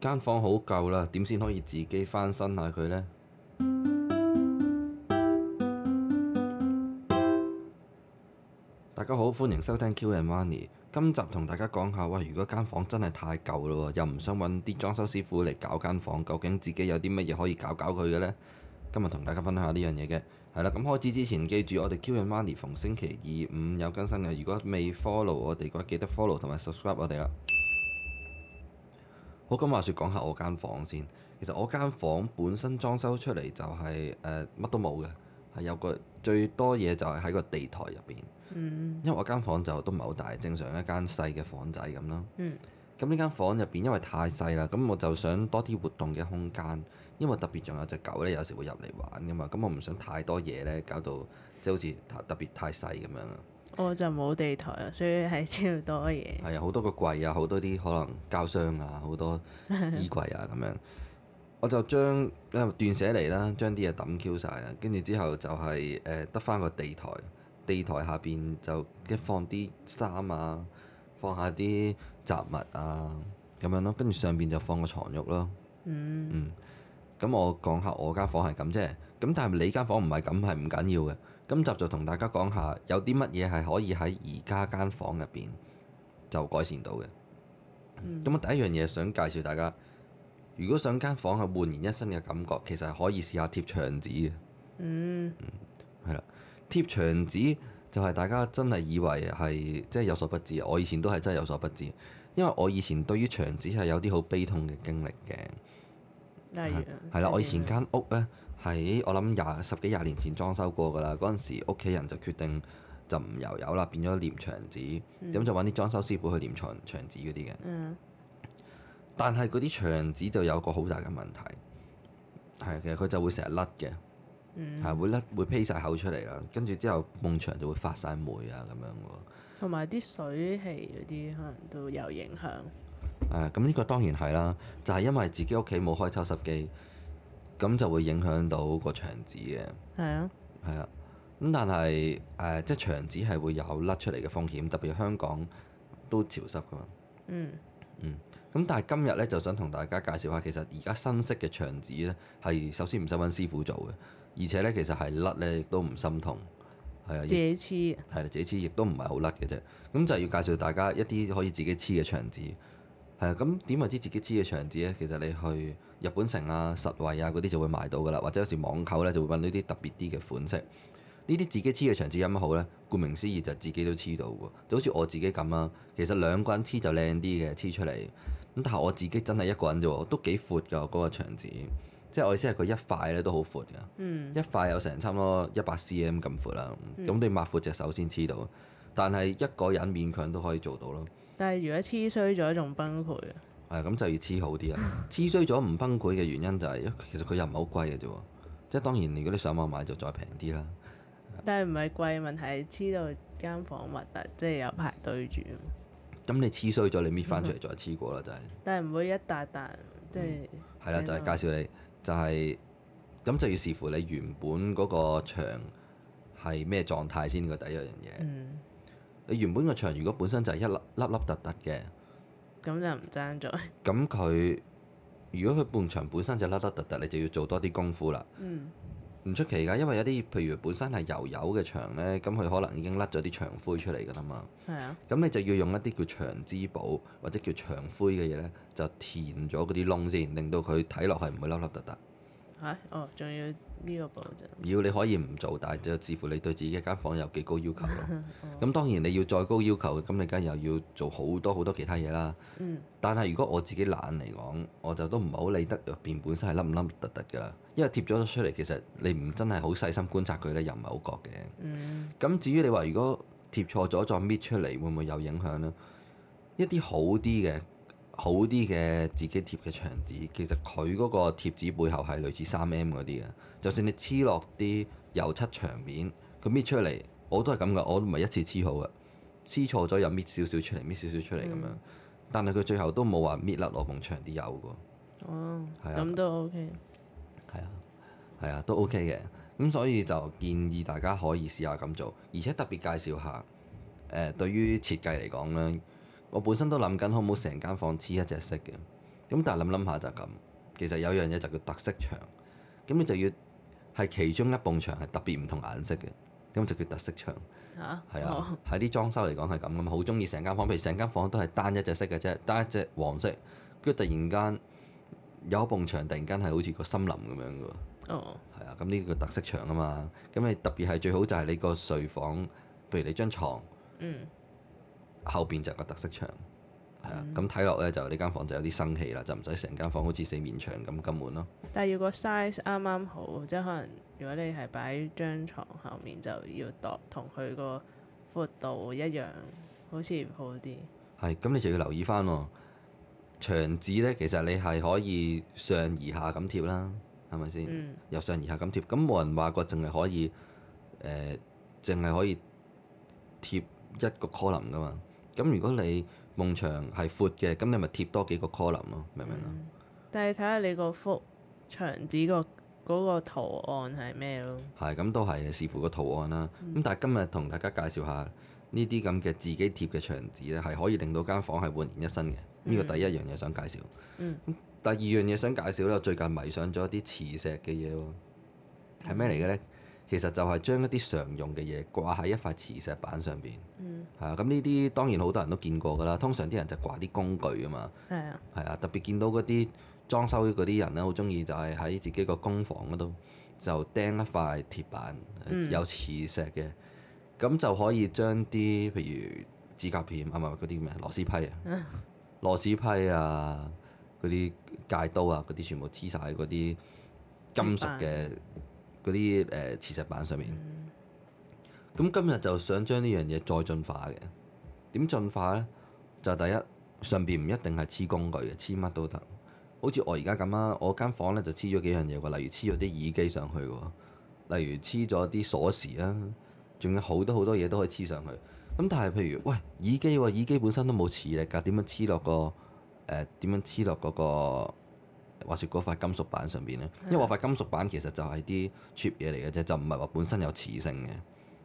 間房好舊啦，點先可以自己翻新下佢呢？ 大家好，歡迎收聽 Q and Money。今集同大家講下，哇！如果間房真係太舊咯，又唔想揾啲裝修師傅嚟搞間房，究竟自己有啲乜嘢可以搞搞佢嘅呢？今日同大家分享下呢樣嘢嘅。係啦，咁開始之前，記住我哋 Q and Money 逢星期二五有更新嘅。如果未 follow 我哋嘅話，記得 follow 同埋 subscribe 我哋啦。好咁，話説，講下我間房先。其實我間房本身裝修出嚟就係誒乜都冇嘅，係有個最多嘢就係喺個地台入邊。嗯，因為我間房就都唔係好大，正常一間細嘅房仔咁啦。嗯，咁呢間房入邊因為太細啦，咁我就想多啲活動嘅空間。因為特別仲有隻狗咧，有時會入嚟玩噶嘛，咁我唔想太多嘢咧，搞到即係好似太特別太細咁樣。我就冇地台啦，所以係超多嘢。係啊，好多個櫃啊，好多啲可能膠箱啊，好多衣櫃啊咁 樣。我就將咧、啊、斷捨離啦，將啲嘢抌 Q 曬，跟住之後就係誒得翻個地台。地台下邊就一放啲衫啊，放一下啲雜物啊咁樣咯、啊。跟住上邊就放個床褥咯。嗯。咁、嗯、我講下我間房係咁啫，咁但係你間房唔係咁係唔緊要嘅。今集就同大家講下，有啲乜嘢係可以喺而家間房入邊就改善到嘅。咁啊、嗯，第一樣嘢想介紹大家，如果想間房係煥然一新嘅感覺，其實係可以試下貼牆紙嘅。嗯，係啦、嗯，貼牆紙就係大家真係以為係即係有所不知。我以前都係真係有所不知，因為我以前對於牆紙係有啲好悲痛嘅經歷嘅。係啦， 我以前間屋呢，喺我諗廿十幾廿年前裝修過噶啦。嗰陣時屋企人就決定就唔油油啦，變咗黏牆紙，咁、嗯、就揾啲裝修師傅去黏牆牆紙嗰啲嘅。嗯、但係嗰啲牆紙就有個好大嘅問題，係其實佢就會成日甩嘅，係、嗯、會甩會披晒口出嚟啦。跟住之後，埲牆就會發晒霉啊咁樣喎。同埋啲水氣嗰啲可能都有影響。誒咁呢個當然係啦，就係、是、因為自己屋企冇開抽濕機，咁就會影響到個牆紙嘅。係、嗯、啊，係啊。咁但係誒，即係牆紙係會有甩出嚟嘅風險，特別香港都潮濕㗎嘛。嗯嗯。咁、嗯、但係今日咧，就想同大家介紹下，其實而家新式嘅牆紙咧，係首先唔使搵師傅做嘅，而且咧其實係甩咧亦都唔心痛。係啊，啊，啊，自己黐。係啦，自己黐亦都唔係好甩嘅啫。咁就係要介紹大家一啲可以自己黐嘅牆紙。係咁，點為之自己黐嘅牆紙咧？其實你去日本城啊、實惠啊嗰啲就會買到噶啦，或者有時網購咧就會揾到啲特別啲嘅款式。呢啲自己黐嘅牆紙有乜好咧？顧名思義就自己都黐到喎。就好似我自己咁啊。其實兩個人黐就靚啲嘅黐出嚟。咁但係我自己真係一個人啫，都幾闊噶嗰個牆紙。即係我意思係佢一塊咧都好闊㗎，嗯、一塊有成差唔多一百 CM 咁闊啦。咁你、嗯嗯、抹擘闊隻手先黐到。但係一個人勉強都可以做到咯。但係如果黐衰咗，仲崩潰。係咁、嗯、就要黐好啲啦！黐衰咗唔崩潰嘅原因就係，其實佢又唔係好貴嘅啫。即係當然，如果你上網買就再平啲啦。但係唔係貴，問題係黐到間房核突，即係有排堆住。咁你黐衰咗，你搣翻出嚟再黐過啦，就係。但係唔會一笪笪，即係。係啦，就係介紹你，就係、係、咁就要視乎你原本嗰個牆係咩狀態先個第一樣嘢。你原本個牆如果本身就係一粒粒粒突突嘅，咁就唔爭在。咁佢如果佢半牆本身就粒粒突突，你就要做多啲功夫啦。唔出、嗯、奇㗎，因為有啲譬如本身係油油嘅牆咧，咁佢可能已經甩咗啲牆灰出嚟㗎啦嘛。係咁、嗯、你就要用一啲叫牆之寶或者叫牆灰嘅嘢咧，就填咗嗰啲窿先，令到佢睇落去唔會粒粒突突。嚇！哦，仲要呢個步驟。要你可以唔做，但就視乎你對自己一間房有幾高要求咯。咁、 哦、當然你要再高要求，咁你梗係又要做好多好多其他嘢啦。嗯、但係如果我自己懶嚟講，我就都唔係好理得入邊本身係冧唔凹凸凸㗎。因為貼咗出嚟，其實你唔真係好細心觀察佢咧，又唔係好覺嘅。咁、嗯、至於你話如果貼錯咗再搣出嚟，會唔會有影響咧？一啲好啲嘅。好啲嘅自己貼嘅牆紙，其實佢嗰個貼紙背後係類似三 M 嗰啲嘅。就算你黐落啲油漆牆面，佢搣出嚟我都係咁嘅，我都唔係一次黐好嘅，黐錯咗又搣少少出嚟，搣少少出嚟咁樣。但係佢最後都冇話搣甩落埲牆啲油噶。哦，係啊，咁都 OK。係啊，係啊，都 OK 嘅。咁所以就建議大家可以試下咁做，而且特別介紹下，誒、呃，對於設計嚟講咧。我本身都諗緊，可唔可以成間房黐一隻色嘅。咁但係諗諗下就咁。其實有樣嘢就叫特色牆。咁你就要係其中一埲牆係特別唔同顏色嘅，咁就叫特色牆。嚇？係啊，喺啲、啊啊、裝修嚟講係咁噶嘛。好中意成間房，譬如成間房都係單一隻色嘅啫，單一隻黃色。跟住突然間有一埲牆，突然間係好似個森林咁樣噶。哦。係啊，咁呢、啊、個特色牆啊嘛。咁你特別係最好就係你個睡房，譬如你張床。嗯。後邊就個特色牆，係啊，咁睇落咧就呢間房就有啲生氣啦，就唔使成間房好似四面牆咁咁滿咯。但係要個 size 啱啱好，即係可能如果你係擺張床後面就要度同佢個寬度一樣，好似好啲。係，咁你就要留意翻喎，牆紙咧其實你係可以上而下咁貼啦，係咪先？由、嗯、上而下咁貼，咁冇人話過淨係可以誒，淨、呃、係可以貼一個 c o l u m 嘛？咁如果你夢牆係闊嘅，咁你咪貼多幾個 column 咯，明唔明啊？但係睇下你個幅牆紙個嗰個圖案係咩咯？係咁都係視乎個圖案啦。咁、嗯、但係今日同大家介紹下呢啲咁嘅自己貼嘅牆紙咧，係可以令到間房係煥然一新嘅。呢個、嗯、第一樣嘢想介紹。咁、嗯、第二樣嘢想介紹咧，我最近迷上咗啲磁石嘅嘢喎，係咩嚟嘅咧？其實就係將一啲常用嘅嘢掛喺一塊磁石板上邊，係、嗯、啊，咁呢啲當然好多人都見過㗎啦。通常啲人就掛啲工具啊嘛，係啊、嗯，係啊，特別見到嗰啲裝修嗰啲人咧，好中意就係喺自己個工房嗰度就釘一塊鐵板有磁石嘅，咁、嗯、就可以將啲譬如指甲片啊嘛嗰啲咩螺絲批啊、螺絲批啊、嗰啲戒刀啊、嗰啲、啊、全部黐晒嗰啲金屬嘅。嗯嗰啲誒磁石板上面，咁、嗯、今日就想將呢樣嘢再進化嘅，點進化咧？就第一上邊唔一定係黐工具嘅，黐乜都得。好似我而家咁啊，我間房咧就黐咗幾樣嘢喎，例如黐咗啲耳機上去喎，例如黐咗啲鎖匙啊，仲有好多好多嘢都可以黐上去。咁但係譬如喂耳機喎，耳機本身都冇磁力㗎，點樣黐落個誒？點樣黐落嗰個？呃話説嗰塊金屬板上邊咧，因為我塊金屬板其實就係啲 cheap 嘢嚟嘅啫，就唔係話本身有磁性嘅。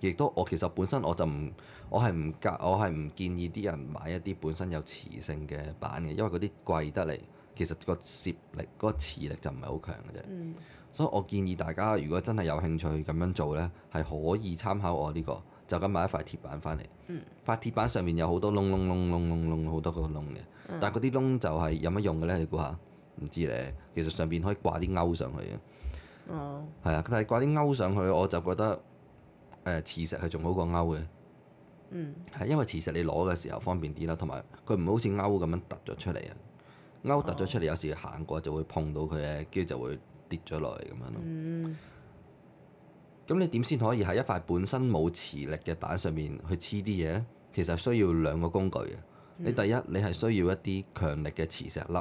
亦都我其實本身我就唔，我係唔夾，我係唔建議啲人買一啲本身有磁性嘅板嘅，因為嗰啲貴得嚟，其實個攝力嗰、個磁力就唔係好強嘅啫。嗯、所以我建議大家如果真係有興趣咁樣做咧，係可以參考我呢、個，就咁買一塊鐵板翻嚟。塊、嗯、鐵板上面有好多窿窿窿窿窿好多個窿嘅，但係嗰啲窿就係有乜用嘅咧？你估下？唔知咧，其實上面可以掛啲鈎上去嘅，哦，係啊，但係掛啲鈎上去我就覺得，誒、呃、磁石係仲好過鈎嘅，嗯，係因為磁石你攞嘅時候方便啲啦，同埋佢唔會好似鈎咁樣凸咗出嚟啊，鈎凸咗出嚟、oh. 有時行過就會碰到佢嘅，跟住就會跌咗落嚟咁樣咯。嗯咁、mm. 你點先可以喺一塊本身冇磁力嘅板上面去黐啲嘢咧？其實需要兩個工具嘅，你第一你係需要一啲強力嘅磁石粒。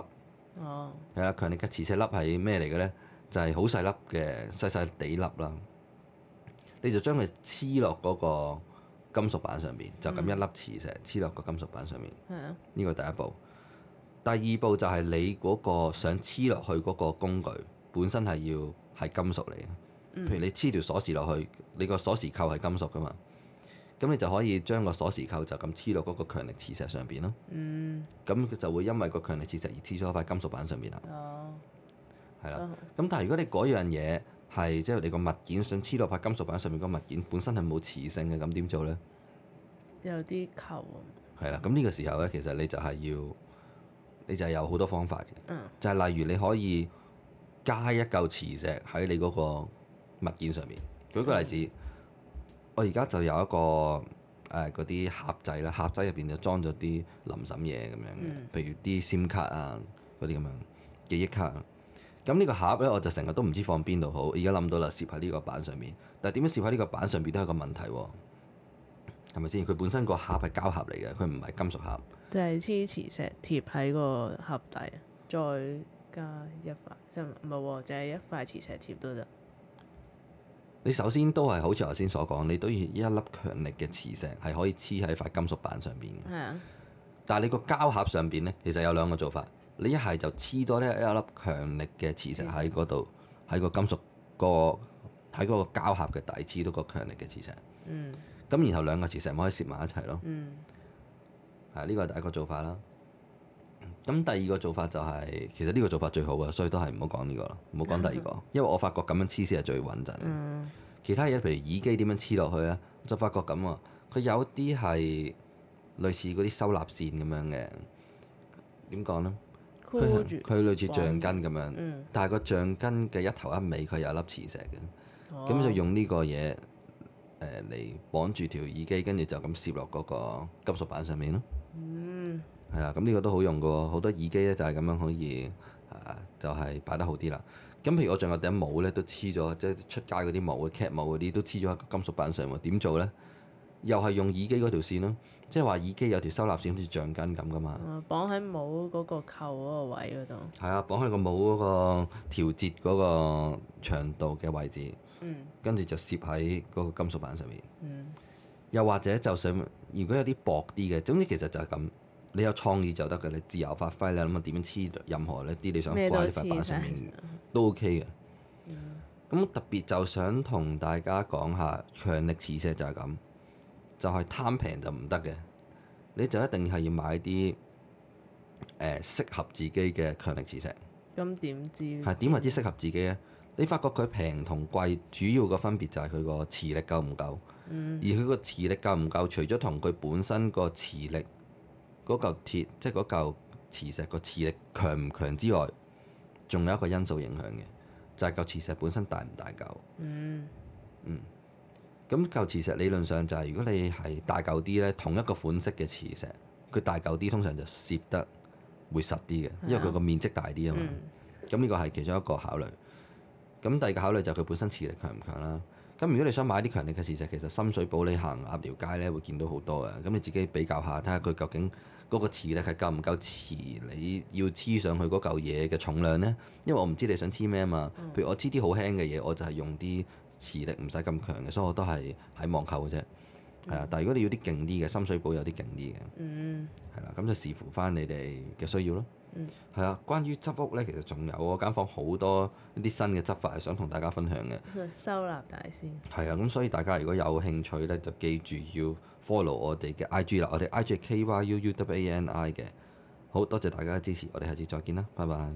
係啊，強、哦、力嘅磁石粒係咩嚟嘅咧？就係好細粒嘅細細哋粒啦。你就將佢黐落嗰個金屬板上面，嗯、就咁一粒磁石黐落個金屬板上面。呢個、嗯、第一步。第二步就係你嗰個想黐落去嗰個工具本身係要係金屬嚟嘅。譬如你黐條鎖匙落去，你個鎖匙扣係金屬㗎嘛。咁你就可以將個鎖匙扣就咁黐落嗰個強力磁石上邊咯。嗯。咁佢就會因為個強力磁石而黐咗喺塊金屬板上邊啦。哦。係啦。咁但係如果你嗰樣嘢係即係你個物件想黐落塊金屬板上面，個物件本身係冇磁性嘅，咁點做呢？有啲球、啊。係啦，咁呢個時候呢，其實你就係要，你就係有好多方法嘅。嗯、就係例如你可以加一嚿磁石喺你嗰個物件上面。舉個例子。嗯我而家就有一個誒嗰啲盒仔啦，盒仔入邊就裝咗啲臨審嘢咁樣，譬如啲 SIM 卡啊嗰啲咁樣，記憶卡。咁呢個盒咧，我就成日都唔知放邊度好。而家諗到啦，攝喺呢個板上面。但點樣攝喺呢個板上面都係個問題喎、啊，係咪先？佢本身個盒係膠盒嚟嘅，佢唔係金屬盒，就係黐磁石貼喺個盒底，再加一塊，就唔係喎，就係一塊磁石貼都得。你首先都係好似頭先所講，你都要一粒強力嘅磁石係可以黐喺塊金屬板上邊嘅。啊、但係你個膠盒上邊咧，其實有兩個做法。你一係就黐多呢一粒強力嘅磁石喺嗰度，喺個金屬、個喺嗰個膠盒嘅底黐到個強力嘅磁石。嗯、啊。咁然後兩個磁石可以攝埋一齊咯。嗯、啊。係，呢個第一個做法啦。咁第二個做法就係、是，其實呢個做法最好嘅，所以都係唔好講呢個啦，唔好講第二個， 因為我發覺咁樣黐先係最穩陣。嗯、其他嘢譬如耳機點樣黐落去啊，就發覺咁啊，佢有啲係類似嗰啲收納線咁樣嘅，點講呢？佢佢類似橡筋咁樣，嗯、但係個橡筋嘅一頭一尾佢有一粒磁石嘅，咁、哦、就用呢個嘢嚟、呃、綁住條耳機，跟住就咁攝落嗰個金屬板上面咯。嗯係啊，咁呢、嗯、個都好用嘅好多耳機咧就係咁樣可以啊，就係、是、擺得好啲啦。咁譬如我仲有戴帽咧都黐咗，即係出街嗰啲帽、c a t 帽嗰啲都黐咗喺金屬板上喎。點做咧？又係用耳機嗰條線咯，即係話耳機有條收納線，好似橡筋咁㗎嘛。哦、嗯，綁喺帽嗰個扣嗰個位嗰度。係啊，綁喺個帽嗰個調節嗰個長度嘅位置。跟住、嗯、就攝喺嗰個金屬板上面。嗯、又或者就想，如果有啲薄啲嘅，總之其實就係咁。你有創意就得㗎，你自由發揮，你諗下點樣黐任何一啲你想掛喺塊板上面都 OK 嘅。咁、嗯、特別就想同大家講下強力磁石就係咁，就係、是、貪平就唔得嘅，你就一定係要買啲誒、呃、適合自己嘅強力磁石。咁點知？係點為之適合自己咧？你發覺佢平同貴主要個分別就係佢個磁力夠唔夠。嗯、而佢個磁力夠唔夠，除咗同佢本身個磁力，嗰嚿鐵，即係嗰嚿磁石個磁力強唔強之外，仲有一個因素影響嘅，就係、是、嚿磁石本身大唔大嚿。嗯，咁嚿、嗯、磁石理論上就係、是、如果你係大嚿啲咧，同一個款式嘅磁石，佢大嚿啲通常就攝得會實啲嘅，因為佢個面積大啲啊嘛。咁呢、嗯、個係其中一個考慮。咁第二個考慮就係佢本身磁力強唔強啦。咁如果你想買啲強力嘅磁石，其實深水埗你行鴨寮街咧會見到好多嘅。咁你自己比較下，睇下佢究竟嗰個磁力係夠唔夠磁，你要黐上去嗰嚿嘢嘅重量咧。因為我唔知你想黐咩嘛。譬如我黐啲好輕嘅嘢，我就係用啲磁力唔使咁強嘅，所以我都係喺網購嘅啫。係啊，但係如果你要啲勁啲嘅，深水埗有啲勁啲嘅，係啦，咁就視乎翻你哋嘅需要咯。嗯，係啊，關於執屋咧，其實仲有我間房好多一啲新嘅執法係想同大家分享嘅，收納大師。係啊，咁所以大家如果有興趣咧，就記住要 follow 我哋嘅 IG 啦，我哋 IG K Y U U W A N I 嘅。好多謝大家嘅支持，我哋下次再見啦，拜拜。